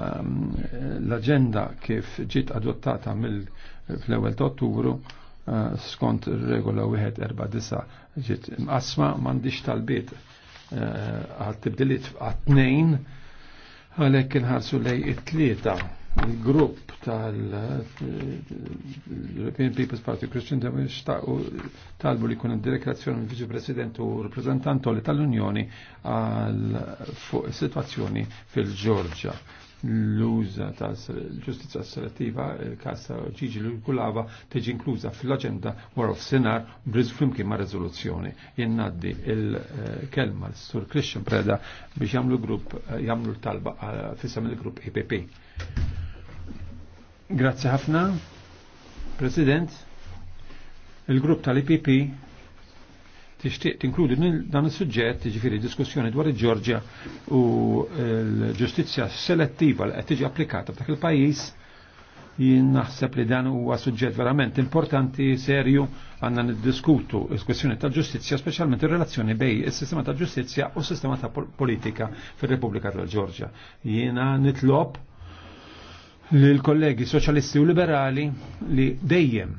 Um, l-agenda kif ġiet adottata mill fl-ewwel ta' Ottubru uh, skont regola 149 ġiet imqasma, m'għandix talbiet uh, għal tibdiliet għat-tnejn għalhekk inħarsu lej it-tlieta il-grupp tal-European uh, People's Party Christian Democrats talbu li kun id-direkrazzjoni mill viċi President u rappresentant tal-Unjoni għal situazzjoni fil-Ġorġa l-uża tal-ġustizja assolattiva il-kassa ġiġi l-kulava teġi inkluża fil-agenda war of sinar brizz flimkien ma' rezoluzzjoni. Jien il-kelma l-Sur Christian Preda biex jamlu grupp jamlu l-talba fissam il-grupp EPP. Grazie ħafna, President. Il-grupp tal epp tixtieq tinkludi dan is-suġġett, jiġifieri diskussjoni dwar il-Ġorġja u l-ġustizzja selettiva li qed tiġi applikata f'dak il-pajjiż jien naħseb li dan huwa suġġett verament importanti, serju, għandna niddiskutu il-kwestjoni tal-ġustizzja, speċjalment ir-relazzjoni bej is-sistema tal-ġustizzja u s-sistema ta' politika fir-Repubblika tal-Ġorġja. Jiena nitlob lill kollegi soċjalisti u liberali li dejjem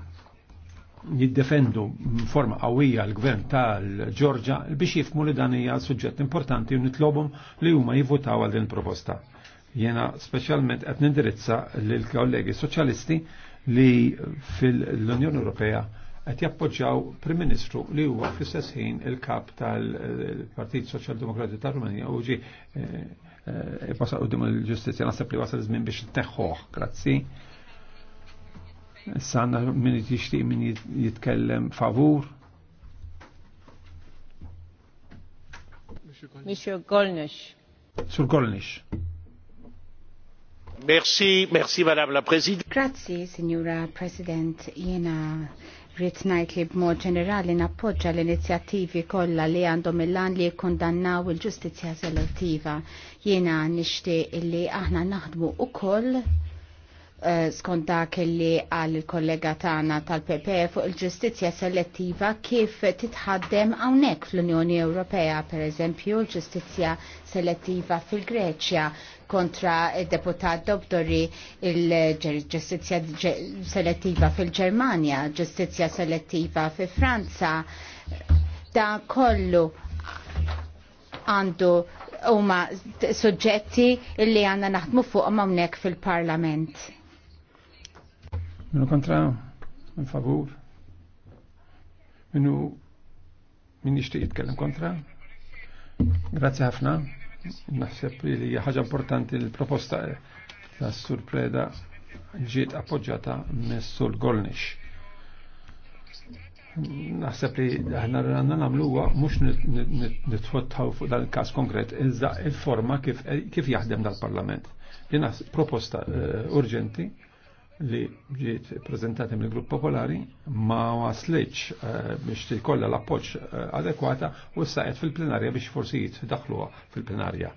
jiddefendu forma qawwija l-gvern tal-Ġorġa biex jifmu li dan hija suġġett importanti u nitlobhom li huma jivvutaw għal din proposta. Jena speċjalment qed nindirizza lill kollegi soċjalisti li fil-Unjoni Ewropea qed jappoġġjaw Prim Ministru li huwa fl-istess ħin il-kap tal-Partit Soċjal-Demokrati tal Rumanija u ġi eh, eh, il naħseb li wasal iż-żmien biex teħħoh. Grazzi. Sanna min jixtieq min jitkellem favur. Monsieur Golnish. Sur Golnish. Merci, merci Madame la President. Grazie, Signora President. Jena rrit ngħid li b'mod ġenerali nappoġġa l-inizjattivi kollha li għandhom il-lan li jikkondannaw il-ġustizzja selettiva. Jiena nixtieq li aħna naħdmu ukoll Eh, skont kelli għal kollega Tana tal-PP e fuq il-ġustizzja selettiva kif titħaddem hawnhekk fl-Unjoni Ewropea, pereżempju l-ġustizzja selettiva fil-Greċja kontra deputat Dobdori il-ġustizzja selettiva fil-Ġermanja, ġustizzja selettiva fil Franza. Da kollu għandu huma suġġetti li għanna naħdmu fuq hawnhekk fil-Parlament. Minu kontra, minn favur. Minu minn nixtieq jitkellem kontra. Grazzi ħafna. Naħseb li hija ħaġa importanti l-proposta tas Sur Preda ġiet appoġġata mis Sur golnix. Naħseb li aħna rranna nagħmlu huwa mhux nitħottħaw fuq dan il-każ konkret, iżda il-forma kif jaħdem dal-Parlament. Jena proposta eh, urġenti li ġiet prezentati mill grupp popolari ma waslitx eh, biex tikolla l-appoġġ eh, adekwata u saqet fil-plenarja biex forsi jitdaħluha fil-plenarja.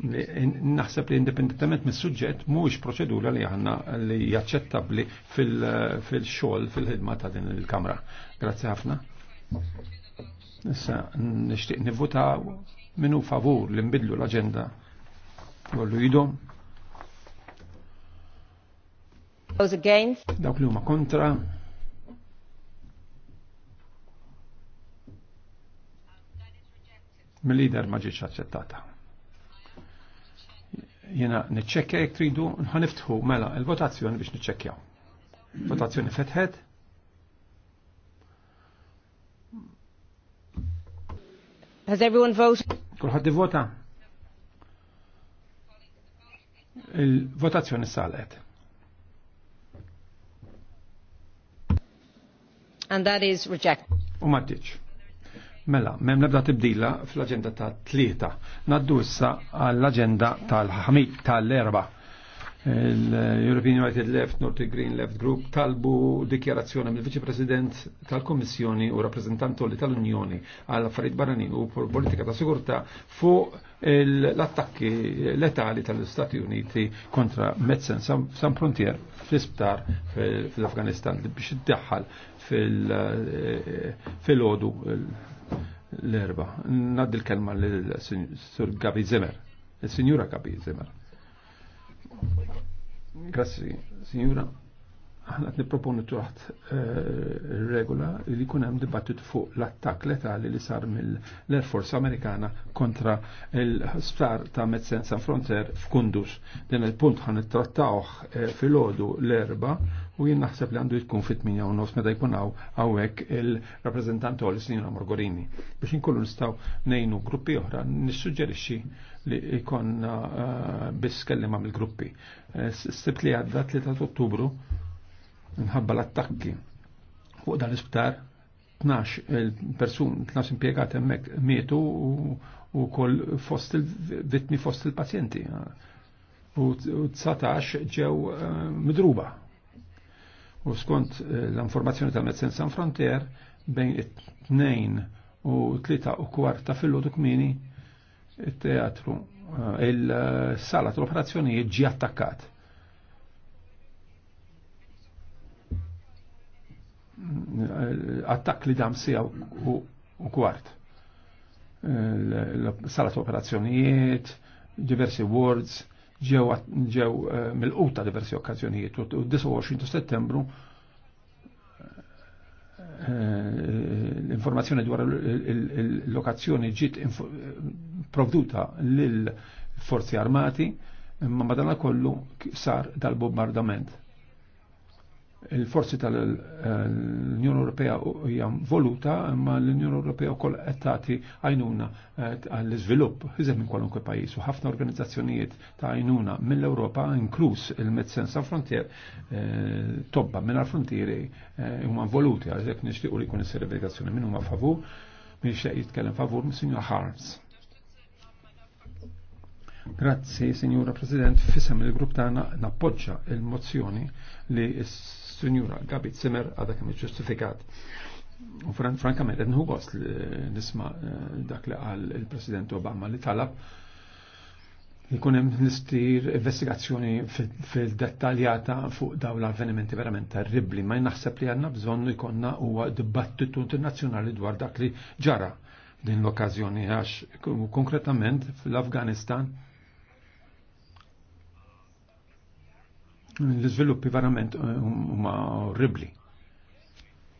Naħseb li indipendentament mis suġġett mhuwiex proċedura li għanna li jaċċettabbli eh, fil-xogħol fil-ħidma ta' din il-Kamra. Grazzi ħafna. Issa nixtieq nivvuta minu favur li nbidlu l-aġenda. Gollu jidhom. Those against? Dawk li huma kontra. Mill-lider ma ġietx aċċettata. Jiena niċċekkja jekk tridu Nħaniftħu mela il-votazzjoni biex niċċekkjaw. Votazzjoni fetħet. Has everyone voted? Kulħadd ivvota? Il-votazzjoni salet. and that is rejected. U Mela, mem nebda tibdila fl-agenda ta' tlieta. Naddu issa għall-agenda tal-ħamit tal-erba l-European United Left, Nordic Green Left Group talbu dikjarazzjoni mill viċi President tal komissjoni u rappresentanti tal-Unjoni għal affarijiet barranin u politika ta' sigurtà fuq l-attakki letali tal-Stati Uniti kontra Metzen San Frontier fl-isptar fl afganistan biex iddaħħal fil-ħodu l-erba. Naddil kelma l-Sur Gabi Zemer, il signora Gabi Zemer. Grazie, signora ħanat niproponu tuħat eh, regola li kunem hemm dibattit fuq l-attak letali li sar mill-Air Force Amerikana kontra l-sptar ta' Medicine San Fronter f'Kundus. Din il-punt ħan nittrattawh eh, fil-ħodu l-erba u jien naħseb li għandu jkun fit-8 u nofs meta jkun hawnhekk il-rappreżentant għal Sinjura Morgorini. Biex inkunu nistgħu nejnu gruppi oħra, nissuġġerixxi li jkun eh, biss kellima mill-gruppi. Sibt li għadda 3 Ottubru nħabba l-attakki fuq dan l-isptar 12 il-persun, 12 impiegati hemmhekk mietu u koll fost il-vitmi fost il-pazjenti. U 19 ġew eh, midruba. U skont eh, l-informazzjoni tal-Medicine San Frontier bejn it-2 u 3 u kwarta fil-lodu kmini it-teatru eh, il-sala tal-operazzjoni ġi attakkat attakk li dam sija u kwart. Eh, salat operazzjonijiet, diversi wards, ġew ġew eh, mill-quta diversi okkazzjonijiet u 29 settembru l-informazzjoni eh, dwar il-lokazzjoni ġiet provduta lil forzi armati imma madana kollu sar dal-bombardament il-forzi tal-Unjoni Ewropea hija voluta, imma l-Unjoni Ewropea wkoll qed tagħti għajnuna eh, għall-iżvilupp iżem minn kwalunkwe pajjiż u ħafna organizzazzjonijiet ta' għajnuna mill-Ewropa inkluż il-Medicine sa Frontier eh, tobba minn għall-frontieri eh, huma voluti għalhekk nixtiequ li jkun is servigazzjoni minn huma favur minn xejn jitkellem favur minn Sinjor Harms. Grazzi, Signora President, fissem il-grupp tagħna nappoġġa il-mozzjoni li s-Signora Gabi Zimmer għadha kemmi ġustifikat. U frankament, nħu gost nisma dak li għal il-President Obama li talab jkun hemm nistir investigazzjoni fil-dettaljata fuq daw l-avvenimenti verament terribli, ma naħseb li għandna bżonn jkollna huwa dibattitu internazzjonali dwar dak li ġara din l-okkażjoni għax konkretament fl-Afganistan l-izviluppi verament eh, huma orribli.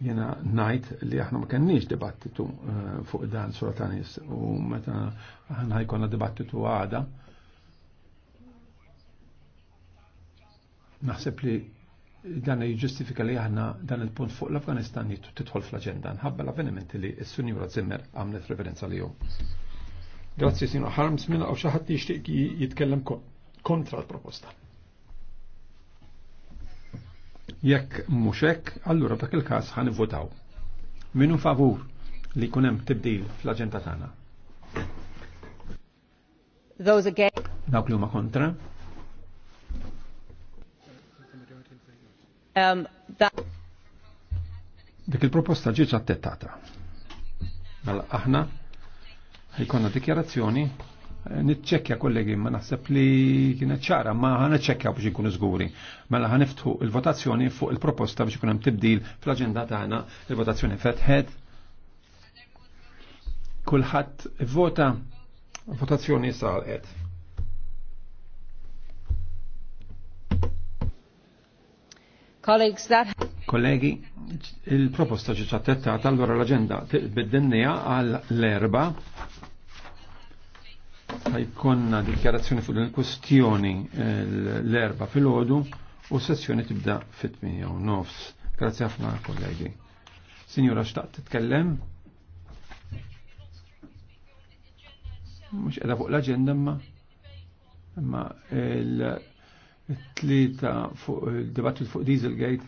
Jena najt li aħna ma kenniex dibattitu eh, fuq dan suratanis u meta aħna ħajkonna dibattitu għada. Naħseb li dan jġustifika li aħna dan il-punt fuq l-Afganistan jittu titħol fl-agenda. Nħabba l-avvenimenti li s-Sunjura Zimmer għamlet referenza li jom. Grazzi, Sinu Harms, minna u xaħat jitkellem kontra l-proposta. Jekk mhux hekk, allura dak il-każ votaw. Minu favur li jkun hemm tibdil fl agenda tagħna. Those again. Dawk li huma kontra. Um, that... Dik il-proposta ġiġ attettata. Mela aħna ħajkonna dikjarazzjoni nitċekja kollegi, ma naħseb li kienet ċara, ma ħana ċekja biex ikunu żguri. Mela ħaniftħu il-votazzjoni fuq il-proposta biex ikun hemm tibdil fl-aġenda tagħna, il-votazzjoni fetħed. Kulħadd vota votazzjoni salqet. Kollegi, il-proposta ġiċa tettata allora l-agenda biddennija għal l-erba ħajkonna dikjarazzjoni fuq il-kustjoni eh, l-erba fil-ħodu u sessjoni tibda fit-8 u nofs. Grazie ħafna kollegi. Signora, xtaqt titkellem? Mux edha fuq l-agenda ma ma il-tlita fuq il debattu fuq Dieselgate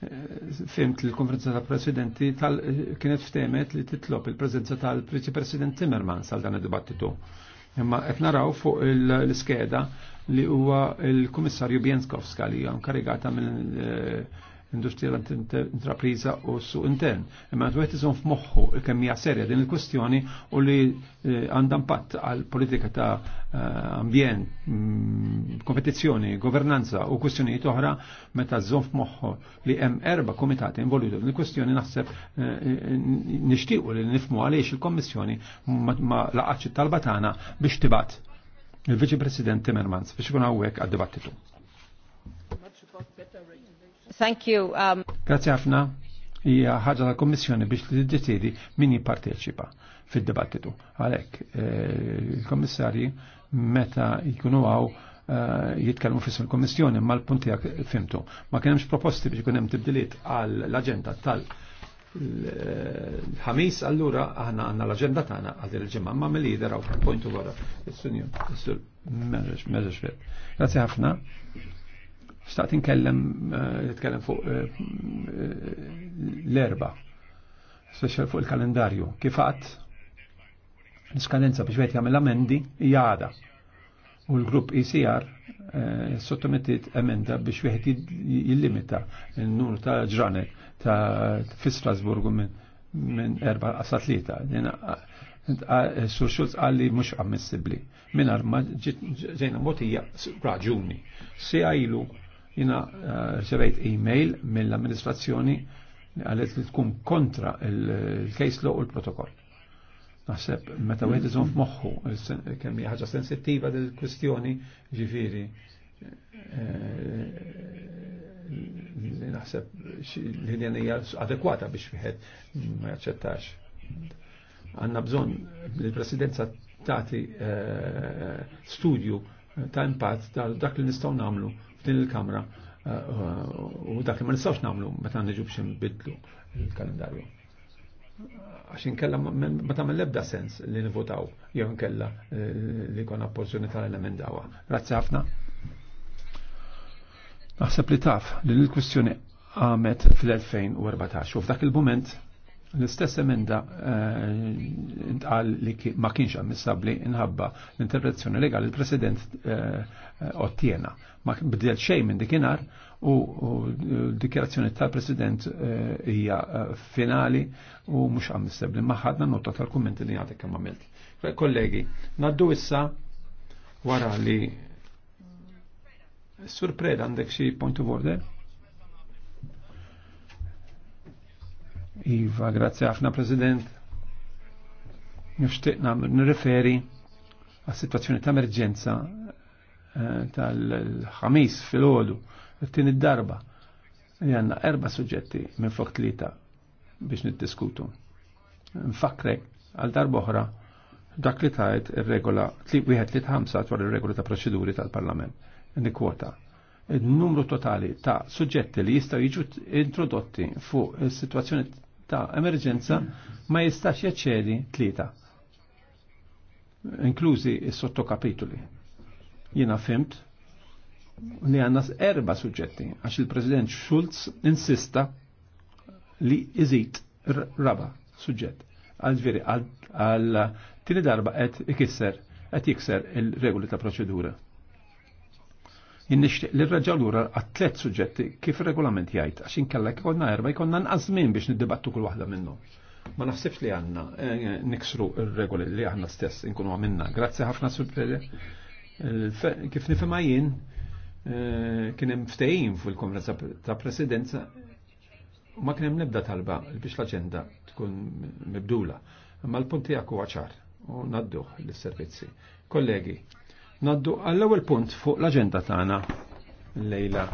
eh, fimt l-konferenza ta' presidenti kienet ftemet li titlob il-prezenza tal prezi President Timmermans għal dan id-dibattitu. Imma qed naraw fuq l-iskeda li huwa l-Kummissarju Bjenskowska li hija inkarigata mill industrial intrapriza u su intern. Imma għadu għetizom f'moħħu kemm hija serja din il-kwestjoni u li eh, għandha impatt għal politika ta' eh, ambjent, mm, kompetizzjoni, governanza u kwestjonijiet oħra meta żżomm f'moħħu li hemm erba' komitati involuti din il-kwestjoni naħseb eh, nixtiequ li nifhmu għaliex il-Kommissjoni ma laqatx it talbatana biex tibat il-Viċi President Timmermans biex ikun hawnhekk għad-dibattitu. Thank you. Um... Grazie ħafna. Ija ħaġa tal kommissjoni biex tiddeċiedi min jipparteċipa fil-debattitu. Għalhekk eh, il kommissari meta jikunu għaw eh, jitkellmu fis il-Kommissjoni ma l-punti għak fimtu. Ma kienemx proposti biex kunem tibdiliet għall agenda tal- ħamis allura aħna għanna l-agenda tagħna għadir il-ġimgħa ma milli jidher hawn puntu wara is-sunjum is-sur Grazzi ħafna. Staqt inkellem, eh, nitkellem fuq eh, l-erba, special fuq il-kalendarju. Kif Kifat, l-iskadenza biex wieħed jagħmel amendi hija U l-grupp ECR eh, sottomettit emenda biex wieħed jillimita n-nur ta' ġranet ta' fi Strasburgu minn erba' asatlita. Sur xulz għalli mux ammissibli. Minar ma ġejna motija raġuni. Se għajlu Jina eh, rċevejt e-mail mill-amministrazzjoni għalet li tkun kontra il-case law u l-protokoll. Naħseb, meta għed f f'moħħu, kemm ħaġa sensittiva dil-kwistjoni, ġifiri, eh, li naħseb li din hija adekwata biex wieħed ma jaċċettax. Għandna bżonn li l-Presidenza tagħti eh, studju ta' impatt dak li nistgħu nagħmlu f'din il-kamra uh, u dak li ma nistgħux nagħmlu meta nġu biex nbidlu il-kalendarju. Għax inkella ma tagħmel ebda sens li nivotaw jew inkella eh, li kon opportunità li emendawa. Grazzi ħafna. Naħseb li taf li l-kwistjoni għamet fl-2014 u f'dak il-moment L-istess emenda għal eh, li ma kienx ammissabli inħabba l-interpretazzjoni legali l-President eh, ottiena. Ma bidel xejn minn dikinar u dikjerazzjoni tal-President eh, hija finali u mhux ammissabbli. Ma ħadna nota tal kommenti li għadek kemm għamilt. Kollegi, naddu issa wara li Sur Preda għandek xi point of order? Iva, grazie ħafna President. Nifxtiq namlu nirriferi għas situazzjoni ta' emerġenza eh, tal-ħamis fil-ħodu, t-tini darba li għanna erba suġġetti minn fuq tlita biex niddiskutu. Nfakre għal darba oħra dak li tajt il-regola li tħamsa dwar il-regola ta' proċeduri tal-Parlament. kwota: Il-numru totali ta' suġġetti li jistaw jiġu introdotti fuq il-situazzjoni ta' emerġenza ma jistax jaċċedi tlieta, inklużi s sottokapituli Jiena fimt li għanna erba suġġetti għax il-President Schulz insista li iżid raba suġġett. Għal-ġveri, għal-tini darba qed ikisser, qed jikser il-regoli ta' proċedura jinnishtiq li raġalura għat-tlet suġġetti kif regolament jgħid għax inkella jkollna erba' jkollna nqas minn biex niddibattu kull waħda minnhom. Ma naħsibx li għandna eh, niksru r-regoli li għanna stess inkunu għamilna. Grazzi ħafna sur Kif nifhimha jien eh, kienem ftejim ftehim fil-Kongress ta' Presidenza ma kien hemm nebda talba biex l-aġenda tkun mibdula. Ma l-punti għakku għacħar u nadduh l-servizzi. Kollegi, Naddu għall-ewwel punt fuq l-aġenda tagħna lejla.